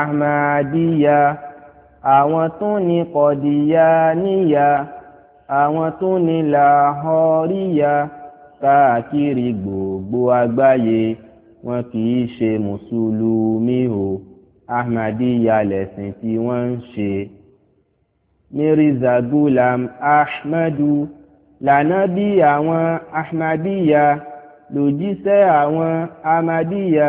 ahmadiyya àwọn tún ní kọ̀díyàníyà àwọn tún ní làhọ́ríyà káàkiri gbogbo àgbáyé wọn kì í ṣe mùsùlùmí o ahmadiyya lẹ̀sìn tí wọ́n ń ṣe. mirza gulam ahmadu lànábì àwọn ahmadiyya lòjíṣẹ́ àwọn ahmadiyya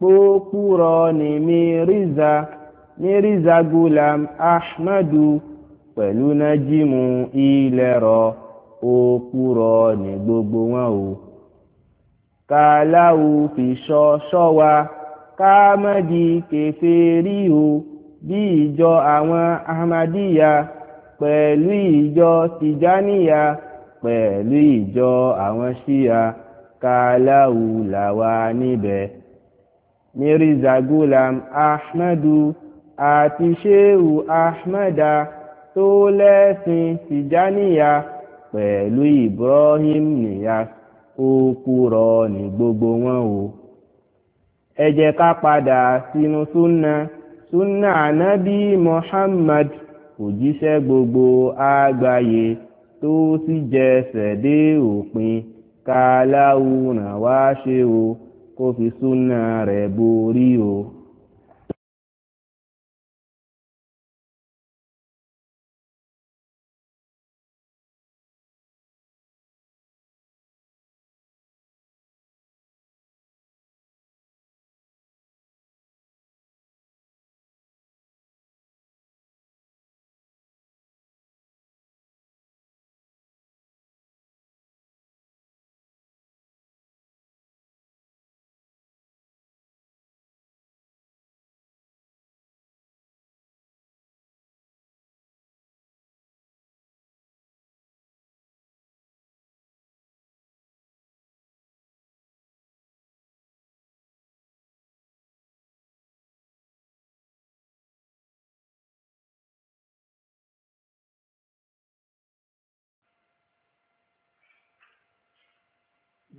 pópúrọ ní mírízà mírízà gulam ahmadu pẹ̀lú nájímù ilẹ̀rọ òpúrọ ní gbogbo wọn o kàláwù fìṣọ ṣọwa káàmọ́dì kẹfẹ́rí o bí ìjọ àwọn ahmadiyya pẹ̀lú ìjọ tìjáníyà pẹ̀lú ìjọ àwọn ṣíya kàláwù làwa níbẹ̀ mirza gulam ahmadu àti sheu ahmada tó lẹ́sìn tìjáníyà pẹ̀lú ibrahim niyas òpùrọ́ ní gbogbo wọn o ẹ jẹ́ ká padà sínú súnà súnà ànábì muhammad òjíṣẹ́ gbogbo àgbáyé tó sì jẹsẹ̀ dé òpin ká láwùrán wá ṣe o kó fi súnà rẹ̀ borí o.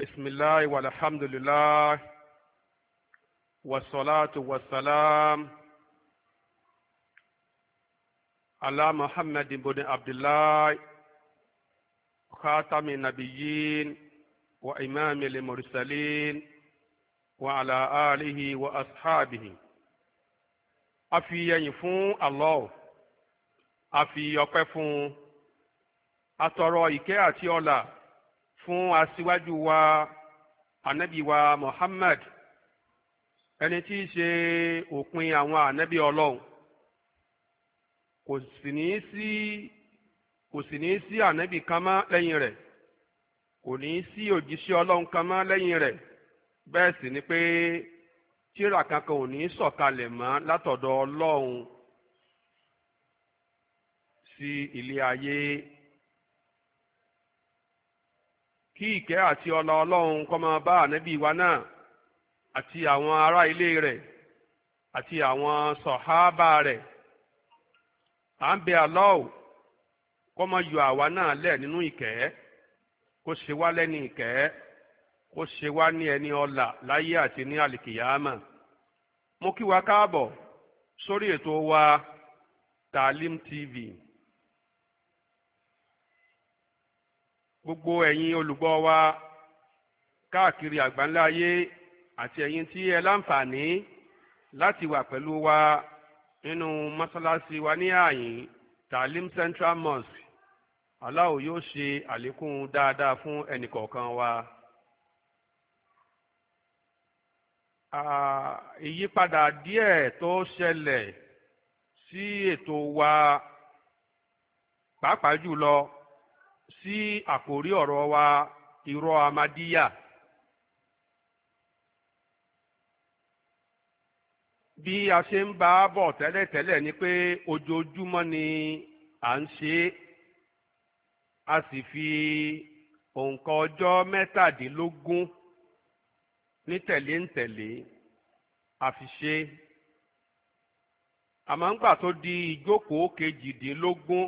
بسم الله والحمد لله والصلاة والسلام على محمد بن عبد الله خاتم النبيين وإمام المرسلين وعلى آله وأصحابه أفي يفون الله أفي يقفون أترى إكي أتي الله fún aṣíwájú wa ànábì wa Muhammad ẹni tí í ṣe òpin àwọn ànábì Ọlọ́run kò sì ní sí kò sì ní sí ànábì kan mọ́ lẹ́yìn rẹ̀ kò ní sí òjíṣẹ́ Ọlọ́run kan mọ́ lẹ́yìn rẹ̀ bẹ́ẹ̀ sì ni pé tírà kankan ò ní sọ̀kalẹ̀ mọ́ látọ̀dọ̀ Ọlọ́run sí ilé ayé. kí ìkẹ́ àti ọlá ọlọ́run kó máa bá ànábì wa náà àti àwọn ará ilé rẹ̀ àti àwọn sọ̀hábà rẹ̀ à ń bẹ Allahu kó máa yọ àwa náà lẹ̀ nínú ìkẹ́ kó ṣe wá lẹ́ni ìkẹ́ kó ṣe wá ní ẹni ọlà láyé àti ní àlìkìyàmà mo kí wa káàbọ̀ sórí ètò wa Taalim TV. gbogbo ẹ̀yin olùgbọ́ wa káàkiri àgbáńlá ayé àti ẹ̀yin tí ẹ láǹfààní láti wà pẹ̀lú wa nínú mọ́ṣáláṣí wa ní àyìn talim central mosque aláwo yóò ṣe àlékún dáadáa fún ẹnìkọ̀ọ̀kan wa. ìyípadà díẹ̀ tó ṣẹlẹ̀ sí ètò wa pàápàá jùlọ sí àkòrí ọ̀rọ̀ wa irọ́ amadíyà bí a ṣe ń bá a bọ̀ tẹ́lẹ̀tẹ́lẹ̀ ni pé ojoojúmọ́ ni à ń ṣe é a sì fi òǹkà ọjọ́ mẹ́tàdínlógún ní tẹ̀lé a fi ṣe é àmọ́ ńgbà tó di ìjókòó kejìdínlógún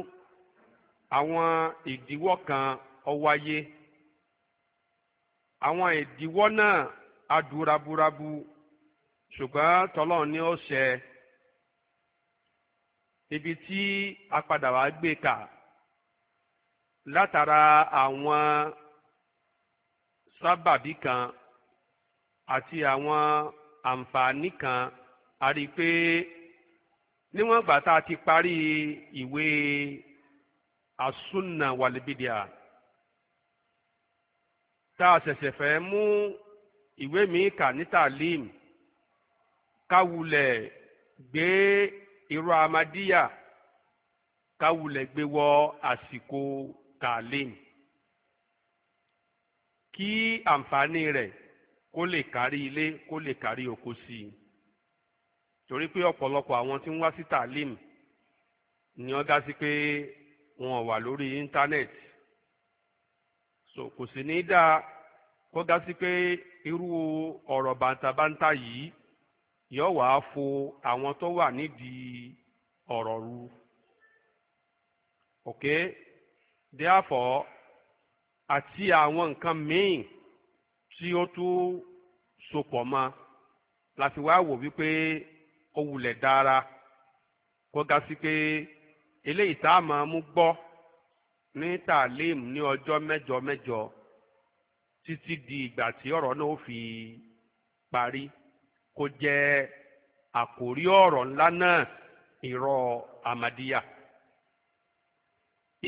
àwọn ìdíwọ́ kan ó wáyé àwọn ìdíwọ́ náà adúrabúrabú ṣùgbọ́n tọ́lọ́run ni ó ṣe ibi tí a padà wá gbé kà látara àwọn sábàbí kan àti àwọn àǹfààní kan a rí i pé níwọ̀n ìgbà tá a ti parí ìwé asunna walibidia tá a ṣẹ̀ṣẹ̀ fẹ́ mú ìwé mi kà ní talim káwulẹ̀ gbé irọ́ amadíyà káwulẹ̀ gbé wọ àsìkò talim kí àǹfààní rẹ̀ kó lè kárí ilé kó lè kárí oko sí i torí pé ọ̀pọ̀lọpọ̀ àwọn tí ń wá sí talim ni wọ́n dá sí pé wọn wà lórí íńtánẹ́ẹ̀tì so kò sì ní dáa kó ga sí pé irú ọ̀rọ̀ bàǹtàbàǹtà yìí yóò wá fo àwọn tó wà nídìí ọ̀rọ̀ ru ok therefore àti àwọn nǹkan míì tí ó tún sopọ̀ mọ́ láti wá wò wípé ó wulẹ̀ dára kó ga sí pé. eléyìí tá a máa mú gbọ́ ní tàlíìm ní ọjọ́ títí di ìgbà tí ọ̀rọ̀ náà ó fi parí kó jẹ́ àkórí ọ̀rọ̀ ńlá náà ìrọ̀ amadiya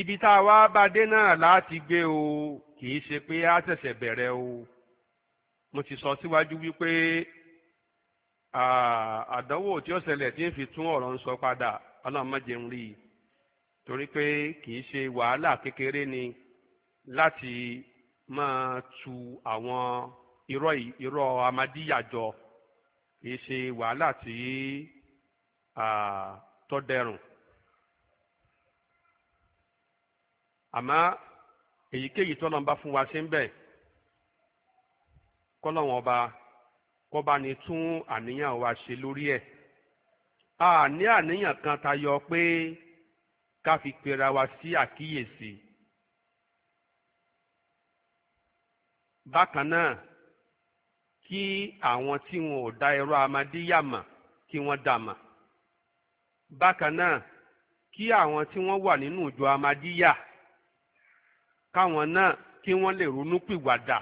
ibi tá a wá bá dé náà láti gbé o kì í ṣe pé a ṣẹ̀ṣẹ̀ bẹ̀rẹ̀ o mo ti sọ síwájú wípé àdánwò tí ó ṣẹlẹ̀ tí ń fi tún ọ̀rọ̀ ń sọ padà torí pé kì í ṣe wàhálà kékeré ni láti máa tu àwọn irọ́ irọ́ amadíyà jọ kì í ṣe wàhálà tí tó dẹrùn. àmọ́ èyíkéyìí tó lọ́nba fún wa ṣe ń bẹ̀ kọ́ lọ́wọ́n ọba kó bá ní tún àníyàn wa ṣe lórí ẹ̀. a ní àníyàn kan tayọ pé ká fi pera wa sí àkíyèsí. bákan náà kí àwọn tí wọn ò dá irọ́ amadíyà mọ̀ kí wọ́n dà mọ̀. bákan náà kí àwọn tí wọ́n wà nínú ìjọ amadíyà káwọn náà kí wọ́n lè ronú pìwàdà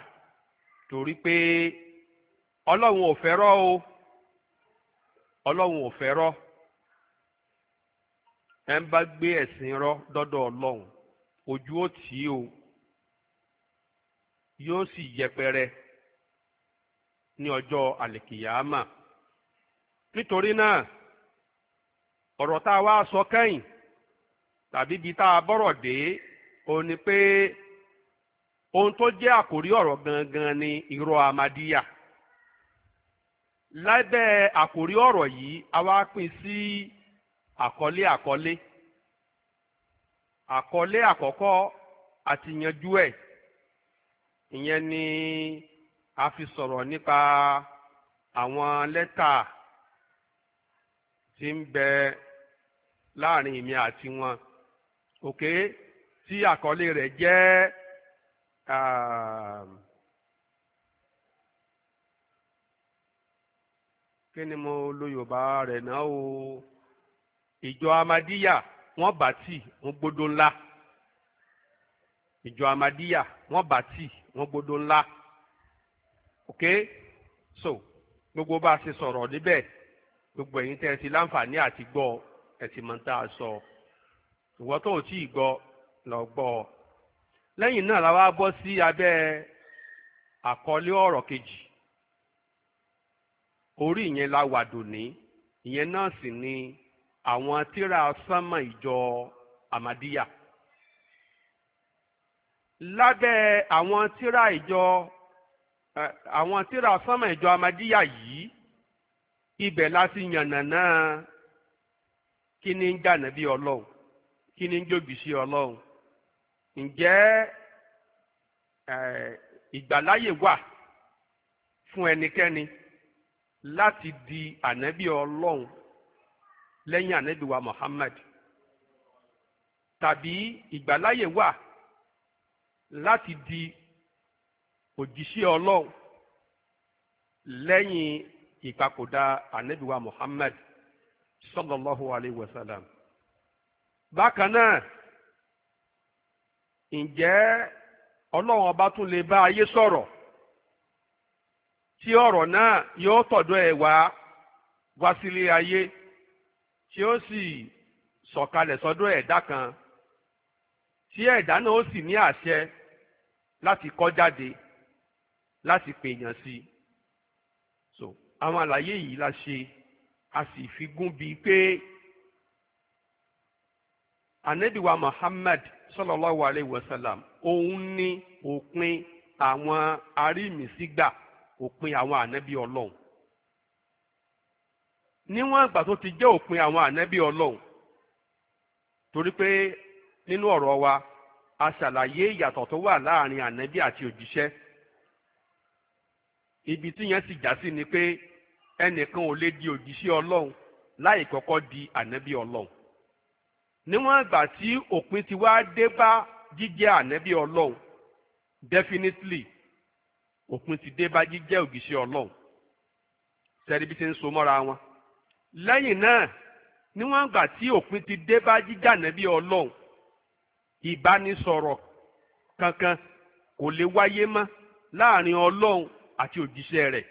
torí pé ọlọ́run ò fẹ́rọ́ o ọlọ́run ò fẹ́rọ́. ẹ ń bá gbé ẹ̀sìn rọ́ dọ́dọ̀ ọlọ́run ojú ó tì í o yóò sì yẹpẹrẹ ní ọjọ́ àlìkìyàmà nítorí náà ọ̀rọ̀ tá a wá sọ kẹ́yìn tàbí ibi tá a bọ́rọ̀ dé o ní pé ohun tó jẹ́ àkórí ọ̀rọ̀ gangan ni irọ́ amadíyà lábẹ́ àkórí ọ̀rọ̀ yìí a wá pín sí. Si àkọlé àkọlé àkọlé ati àti yanjú ẹ̀ ìyẹn ni a fi sọrọ nípa àwọn lẹ́tà tí ń bẹ láàrin èmi àti wọn òkè tí àkọlé rẹ jẹ kí ni mo lo Yorùbá rẹ̀ náà o. ìjọ amadiya wọ́n bá tì wọ́n gbódò ńlá ìjọ amadiya wọ́n bá tì wọ́n gbódò ńlá ok so gbogbo bá a ṣe sọ̀rọ̀ níbẹ̀ gbogbo ẹ̀yin tẹ́ ẹ ti láǹfààní àti gbọ́ ẹ ti mọ̀ tá a sọ ìwọ tó o tí ì gbọ́ lọ gbọ́ ọ náà la wá bọ́ sí abẹ́ àkọlé ọ̀rọ̀ kejì orí ìyẹn la wà dòní ìyẹn náà sì ni àwọn tíra sánmà ìjọ Ahmadiyya lábẹ́ àwọn tíra ìjọ àwọn tíra sánmà ìjọ Ahmadiyya yìí ibẹ̀ láti yànnàná kí ni ń jànà bí ọlọ́run kí ni ń jòbì sí ọlọ́run ǹjẹ́ ìgbàláyè wà fún ẹnikẹ́ni láti di ànábì ọlọ́run lẹ́yìn ànábì mohammed Muhammad tàbí ìgbàláyè wà láti di òjíṣẹ́ ọlọ́run lẹ́yìn ìpapòdà ànábì mohammed Muhammad sallallahu alayhi wa sallam. bákan náà ǹjẹ́ ọlọ́run ọba tún lè bá ayé sọ̀rọ̀ tí ọ̀rọ̀ náà yóò tọ̀dọ̀ ẹ̀ wá wá sílé ayé. tí ó sì sọ̀kalẹ̀ sọ́dọ̀ ẹ̀dá kan tí ẹ̀dá náà ó sì ní àṣẹ láti kọ́ jáde láti pèèyàn sí so àwọn àlàyé yìí la ṣe a sì fi gún bí pé anabiwa Muhammad sallallahu alayhi wa sallam òun ni òpin àwọn arímìsígbà òpin àwọn ànábì Ọlọ́run níwọ̀n ìgbà tó ti jẹ́ òpin àwọn ànábì ọlọ́run torí pé nínú ọ̀rọ̀ wa a ṣàlàyé ìyàtọ̀ tó wà láàrin ànábì àti òjíṣẹ́ ibi tí yẹn sì já ni pé ẹnìkan ò lè di òjíṣẹ́ ọlọ́run láì kọ́kọ́ di ànábì ọlọ́run níwọ̀n ìgbà tí òpin ti wá dé bá jíjẹ́ ànábì ọlọ́run definitely òpin ti dé bá jíjẹ́ òjíṣẹ́ ọlọ́run sẹ́ríbí ti ń so mọ́ra wọn lẹ́yìn náà níwọ̀n gbà tí òpin ti dé bá jíjà nẹ́bí ọlọ́run ìbánisọ̀rọ̀ kankan kò lè wáyé mọ́ láàrin ọlọ́run àti òjíṣẹ́ rẹ̀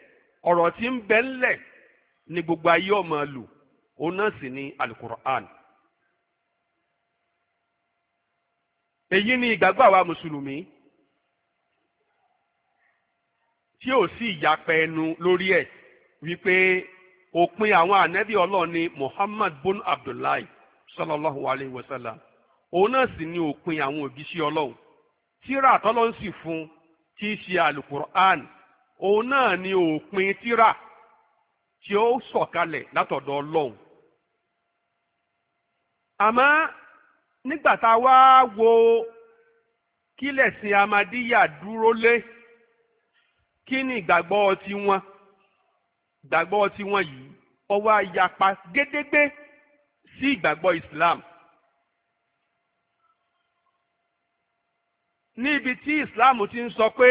ọ̀rọ̀ tí ń bẹ ńlẹ̀ ni gbogbo ayé ọmọ lò òun náà sì ni alukur'an. èyí ni ìgbàgbọ́ àwa mùsùlùmí tí ò sí ìyapẹ ẹnu lórí ẹ̀ wípé òpin àwọn ànẹ́bí ọlọ́run ni Muhammad bun Abdullahi sallallahu alayhi wa sallam òun náà sì ni òpin àwọn òjíṣẹ́ ọlọ́run tíra tọ́lọ́ ń sì fún tí í ṣe alukur'an òun náà ni òpin tíra tí ó sọ̀kalẹ̀ látọ̀dọ̀ ọlọ́run. àmọ́ nígbà tá a wá wo kílẹ̀sìn amadíyà dúró lé kí ni ìgbàgbọ́ tiwọn ìgbàgbọ́ tiwọn yìí ó wá yapa gédégbé sí ìgbàgbọ́ Islam. níbi tí Islam ti ń sọ pé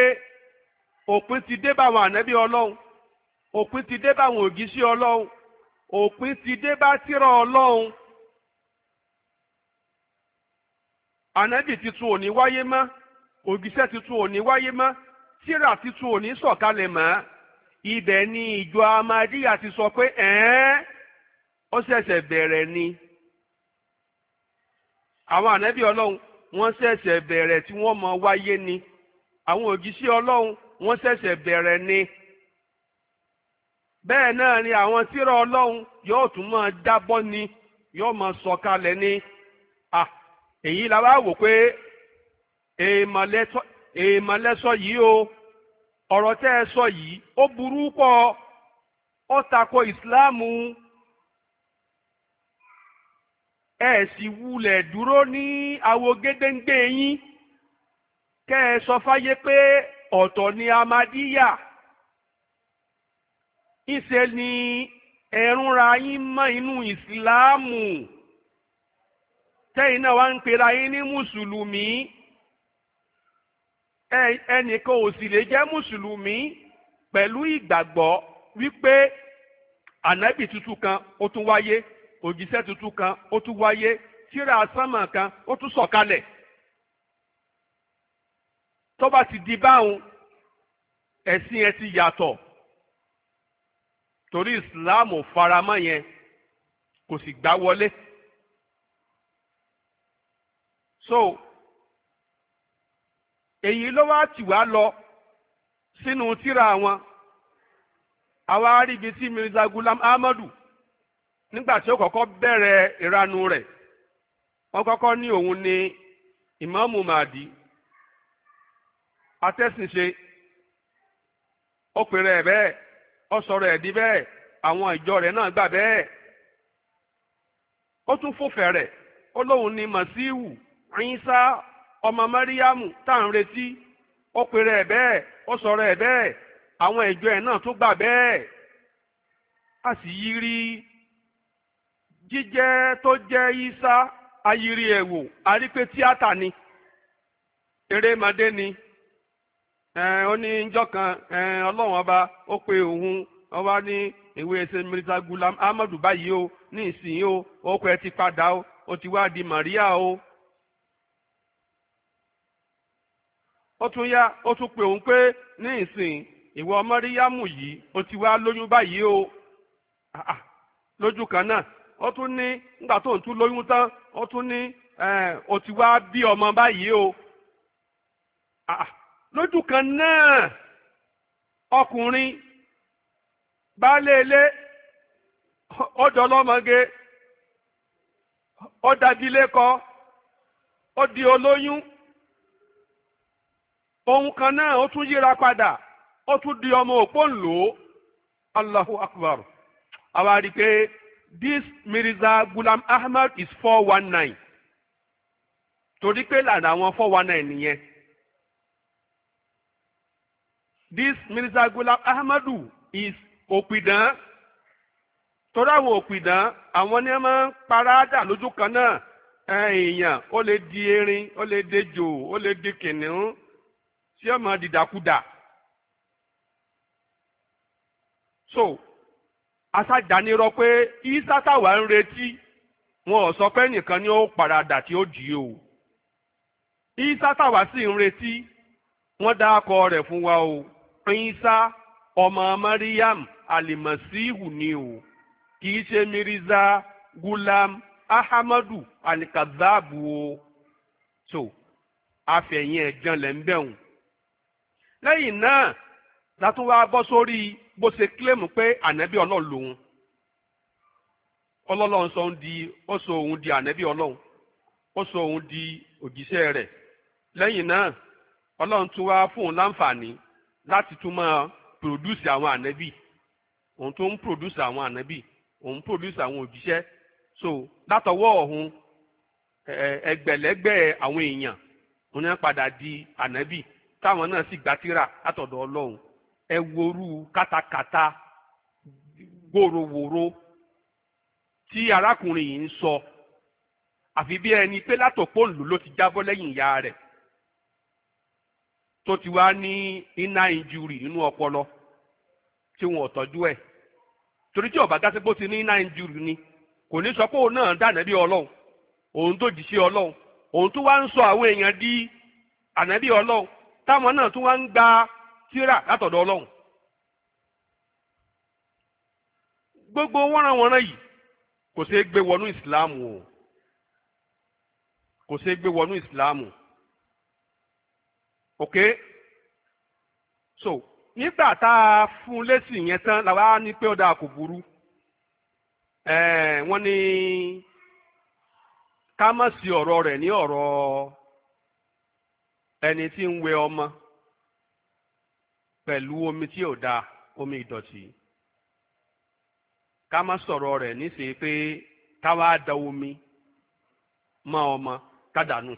òpin ti dé báwọn ànábì Ọlọ́run òpin ti dé báwọn ògìṣẹ́ Ọlọ́run òpin ti dé bá tírà Ọlọ́run ànábì tuntun ò ní wáyé mọ́ ògìṣẹ́ tuntun ò ní wáyé mọ́ tírà tuntun ò ní sọ̀kalẹ̀ mọ́ ibẹ̀ ni ìjọ amadíyà ti sọ pé ẹ̀ẹ́n ó ṣẹ̀ṣẹ̀ bẹ̀rẹ̀ ni àwọn ànábì ọlọ́run wọ́n ṣẹ̀ṣẹ̀ bẹ̀rẹ̀ tí wọ́n mọ̀ wáyé ni àwọn òjíṣẹ́ ọlọ́run wọ́n ṣẹ̀ṣẹ̀ bẹ̀rẹ̀ ni bẹ́ẹ̀ náà ni àwọn tírà ọlọ́run yóò tún máa jábọ́ ni yóò máa sọ̀kalẹ̀ ni à èyí la wá wò pé èèmọ̀ lẹ́sọ̀ yìí o. ọ̀rọ̀ tẹ́ ẹ sọ yìí ó burú pọ̀ ó tako ìsìláàmù ẹ sì wulẹ̀ dúró ní awo gédéńgbé yín kẹ́ ẹ sọ fáyé pé ọ̀tọ̀ ni amadíyà ìṣe ni ẹ̀rúnra yín mọ́ inú ìsìláàmù tẹ́yìn náà wá ń pera yín ní mùsùlùmí. ẹnìkan ò sì lè jẹ́ mùsùlùmí pẹ̀lú ìgbàgbọ́ wípé ànábì tuntun kan ó tún wáyé òjíṣẹ́ tuntun kan ó tún wáyé tírà sánmà kan ó tún sọ̀kalẹ̀ tó bá ti di báwọn ẹ̀sìn ẹ ti yàtọ̀ torí ìsìláàmù faramọ́ yẹn kò sì gbá wọlé so èyí ló wá tì wá lọ sínú tírà wọn àwa aríbi tí Mirza Gulam Ahmadu nígbà tí ó kọ́kọ́ bẹ̀rẹ̀ ìranu rẹ̀ wọ́n kọ́kọ́ ní òun ni ìmáàmù Mahdi atẹ́sìnṣe ó pèrè ẹ̀ bẹ́ẹ̀ ó sọ̀rọ̀ ẹ̀ di bẹ́ẹ̀ àwọn ìjọ rẹ̀ náà gbà bẹ́ẹ̀ ó tún fòfẹ̀ rẹ̀ ó lóun ni màsíwù Ìsá ọmọ mẹ́ríyàmù tá à ń retí ó pèrè ẹ̀ bẹ́ẹ̀ ó sọ̀rọ̀ ẹ̀ àwọn ìjọ ẹ̀ náà tó gbà bẹ́ẹ̀ a sì yí jíjẹ́ tó jẹ́ ayiri ẹ̀ a rí pé tíátà ni erémadé ni ó kan ọba ó pe ọba ní ìwé amadu báyìí o o ó kọ o. ó tún yá ó tún pe òun pé ní ìsìn ìwọ mọ́ríyámù yìí ó ti wá lóyún báyìí o lójú kan náà ó tún ní nígbà tó ń tún lóyún tán ó tún ní ó ti wá bí ọmọ báyìí o lójú kan náà ọkùnrin baálé ilé ó dọlọ́mọge ó ó di olóyún ohun kan náà ó tún yíra padà ó tún di ọmọ òpónlò allahu akbar àwa rí i pé this mirza gulam ahmed is four one nine torí pé lára àwọn four one nine nìyẹn this mirza gulam ahmedu is òpìdán torí àwọn òpìdán àwọn ni wọ́n máa ń parádà lójú kan náà èèyàn ó lè di erin ó lè dejò ó lè di kìnìún tí ó máa dìdàkudà so asájànirọ pé isata táwa ń retí wọn ò sọ pé nìkan ni ó paradà tí ó dì í o isa táwa sì ń retí wọ́n dá akọ rẹ̀ fún wa o isa ọmọ mariam alimasihu ni o kì í ṣe miriza gulam ahamadu alikazaabu o so afẹ̀yìn ẹ̀jẹ̀ lẹ́ńbẹ̀hùn lẹ́yìn náà látún wá bọ́ sórí bó ṣe kílèmù pé ànábì ọlọ́run lòun di ó sọ òun di ọlọ́run ó sọ òun di òjíṣẹ́ rẹ̀ lẹ́yìn náà ọlọ́run tún wá fún láǹfààní láti tún máa pòdúsì àwọn òun ń àwọn òun ń àwọn òjíṣẹ́ so látọwọ́ ọ̀hún ẹgbẹ̀lẹ́gbẹ̀ àwọn èèyàn òun padà di ànábì. táwọn náà sì gbàtíra látọ̀dọ̀ ọlọ́run ẹ worú kátàkátà wòrowòro tí arákùnrin yìí ń sọ àfi bí ẹni pé látòpó ńlò ló ti jábọ́ lẹ́yìn ìyá rẹ̀ tó ti wá ní iná injury nínú ọpọlọ tí wọn ò tọ́jú ẹ̀ torí tí ọba dásí pé ti ní iná injury ni kò ní sọ pé òun náà dànù bí ọlọ́run òun tó jì sí ọlọ́run òun tó wá ń sọ àwọn èèyàn di ànábì ọlọ́run táwọn náà tún wá ń gba tíra látọ̀dọ̀ ọlọ́run gbogbo wọ́nranwọ́nran yìí kò ṣeé gbé wọnú ìsìláàmù o kò ṣeé gbé wọnú ìsìláàmù ok so nígbà tá a fún lẹ́sìn yẹn tán làwa ní pé ọ̀dà kò burú wọ́n ní ká má sí ọ̀rọ̀ rẹ̀ ní ọ̀rọ̀ ẹni tí ń wẹ ọmọ pẹ̀lú omi tí ò da omi ìdọ̀tí ká má sọ̀rọ̀ rẹ̀ níṣẹ́ pé ká da omi mọ́ ọmọ ká dànù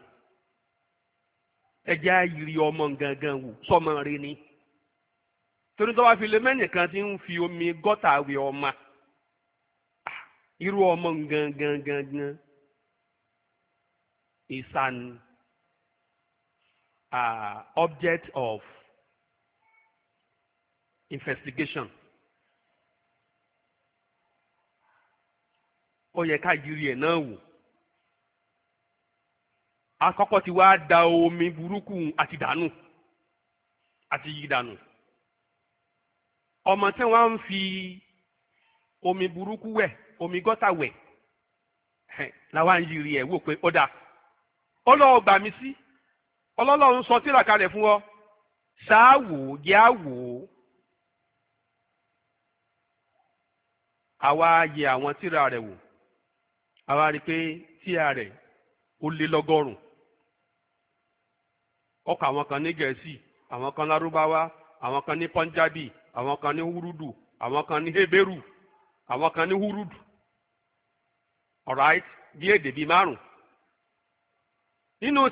ẹjẹ́ ọmọ gangan wò sọmọ rí ni torí tó bá fi lé mẹ́nìkan tí ń fi omi gọ́tà wẹ ọmọ irú ọmọ gangan gangan ìsànù. are uh, object of investigation. ó yẹ ká yiri ẹ̀ náà wò akọ́kọ́ ti wá da omi burúkú àti dànù àti yí dànù ọmọ tí wọ́n ń fi omi burúkú wẹ̀ omi gọ́tà wẹ̀ làwọn yiri ẹ̀ wò pé ó dáa ó lọ́ọ́ gbà mí sí. Si ọlọ́lọ́run sọ tírà kalẹ̀ fún ọ ṣáà wò ó yẹ á wò ó àwa yẹ àwọn tírà rẹ̀ wò àwa rí i pé tírà rẹ̀ ó lé lọ́gọ́rùn ó àwọn kan ní gẹ̀ẹ́sì àwọn kan lárúbáwá àwọn kan ní pọ́njábì àwọn kan ní húrúdù àwọn kan ní hébérù àwọn kan ní húrúdù alright bí èdè bíi márùn nínú tí.